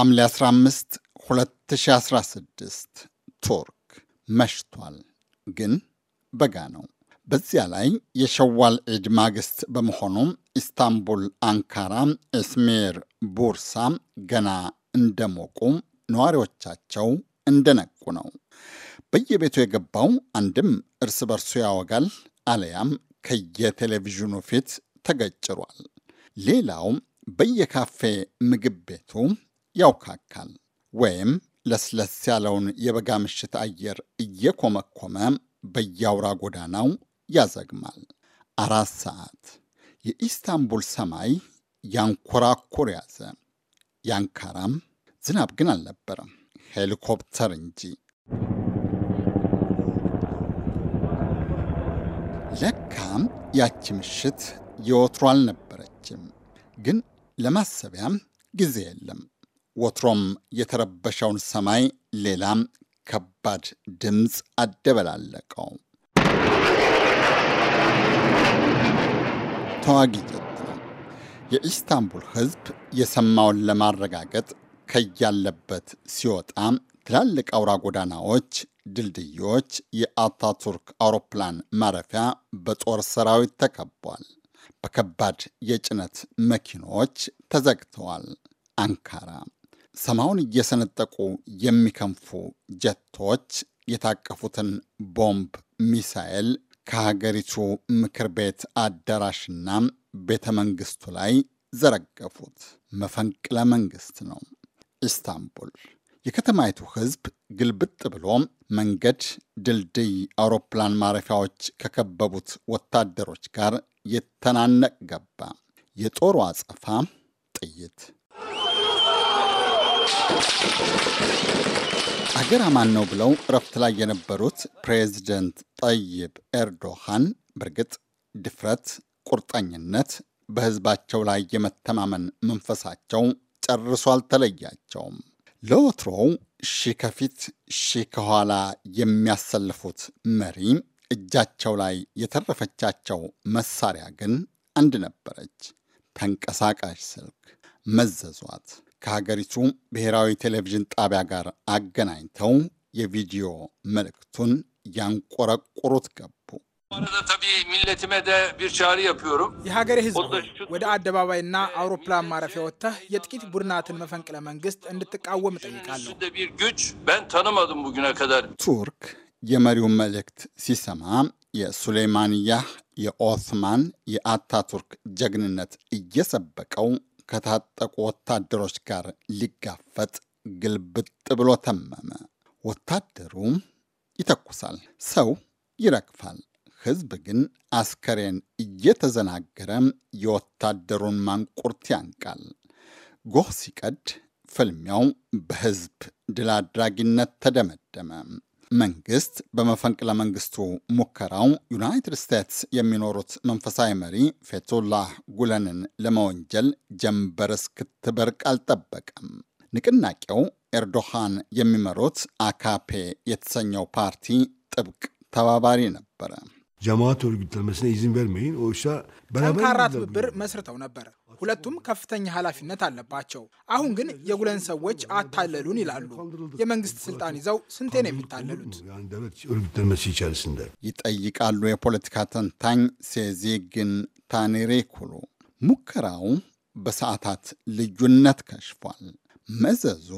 ሐምሌ 15 2016 ቱርክ መሽቷል፣ ግን በጋ ነው። በዚያ ላይ የሸዋል ዒድ ማግስት በመሆኑ ኢስታንቡል፣ አንካራ፣ ኤስሜር ቡርሳ ገና እንደሞቁ ነዋሪዎቻቸው እንደነቁ ነው። በየቤቱ የገባው አንድም እርስ በርሱ ያወጋል፣ አለያም ከየቴሌቪዥኑ ፊት ተገጭሯል። ሌላው በየካፌ ምግብ ቤቱ ያውካካል ወይም ለስለስ ያለውን የበጋ ምሽት አየር እየኮመኮመ በየአውራ ጎዳናው ያዘግማል። አራት ሰዓት የኢስታንቡል ሰማይ ያንኮራኮር ያዘ። ያንካራም ዝናብ ግን አልነበረም፣ ሄሊኮፕተር እንጂ። ለካም ያቺ ምሽት የወትሮ አልነበረችም። ግን ለማሰቢያም ጊዜ የለም። ወትሮም የተረበሸውን ሰማይ ሌላም ከባድ ድምፅ አደበላለቀው። ተዋጊ ጀት ነው። የኢስታንቡል ሕዝብ የሰማውን ለማረጋገጥ ከያለበት ሲወጣ ትላልቅ አውራ ጎዳናዎች፣ ድልድዮች፣ የአታቱርክ አውሮፕላን ማረፊያ በጦር ሰራዊት ተከቧል። በከባድ የጭነት መኪኖች ተዘግተዋል። አንካራ ሰማውን እየሰነጠቁ የሚከንፉ ጀቶች የታቀፉትን ቦምብ ሚሳኤል ከሀገሪቱ ምክር ቤት አዳራሽና ቤተ መንግስቱ ላይ ዘረገፉት። መፈንቅለ መንግስት ነው። ኢስታንቡል የከተማይቱ ህዝብ ግልብጥ ብሎ መንገድ፣ ድልድይ፣ አውሮፕላን ማረፊያዎች ከከበቡት ወታደሮች ጋር የተናነቅ ገባ። የጦሩ አጸፋ ጥይት አገር አማን ነው ብለው እረፍት ላይ የነበሩት ፕሬዚደንት ጠይብ ኤርዶሃን በእርግጥ ድፍረት፣ ቁርጠኝነት፣ በህዝባቸው ላይ የመተማመን መንፈሳቸው ጨርሶ አልተለያቸውም። ለወትሮው ሺህ ከፊት ሺህ ከኋላ የሚያሰልፉት መሪ እጃቸው ላይ የተረፈቻቸው መሳሪያ ግን አንድ ነበረች፣ ተንቀሳቃሽ ስልክ መዘዟት። ከሀገሪቱ ብሔራዊ ቴሌቪዥን ጣቢያ ጋር አገናኝተው የቪዲዮ መልእክቱን ያንቆረቆሩት ገቡ። የሀገሬ ህዝብ ወደ አደባባይና አውሮፕላን ማረፊያ ወጥተህ የጥቂት ቡድናትን መፈንቅለ መንግስት እንድትቃወም እጠይቃለሁ። ቱርክ የመሪውን መልእክት ሲሰማ የሱሌይማንያህ የኦትማን የአታቱርክ ጀግንነት እየሰበቀው ከታጠቁ ወታደሮች ጋር ሊጋፈጥ ግልብጥ ብሎ ተመመ። ወታደሩ ይተኩሳል፣ ሰው ይረግፋል። ሕዝብ ግን አስከሬን እየተዘናገረ የወታደሩን ማንቁርት ያንቃል። ጎህ ሲቀድ ፍልሚያው በህዝብ ድል አድራጊነት ተደመደመ። መንግስት በመፈንቅለ መንግስቱ ሙከራው ዩናይትድ ስቴትስ የሚኖሩት መንፈሳዊ መሪ ፌቶላህ ጉለንን ለመወንጀል ጀንበር እስክትበርቅ አልጠበቀም። ንቅናቄው ኤርዶሃን የሚመሩት አካፔ የተሰኘው ፓርቲ ጥብቅ ተባባሪ ነበረ። ጀማዓት ጠንካራ ትብብር መስርተው ነበር። ሁለቱም ከፍተኛ ኃላፊነት አለባቸው። አሁን ግን የጉለን ሰዎች አታለሉን ይላሉ። የመንግስት ስልጣን ይዘው ስንቴ ነው የሚታለሉት? ይጠይቃሉ የፖለቲካ ተንታኝ ሴዜግን ታኔሬኩሉ። ሙከራው በሰዓታት ልዩነት ከሽፏል። መዘዙ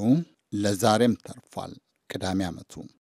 ለዛሬም ተርፏል። ቅዳሜ ዓመቱ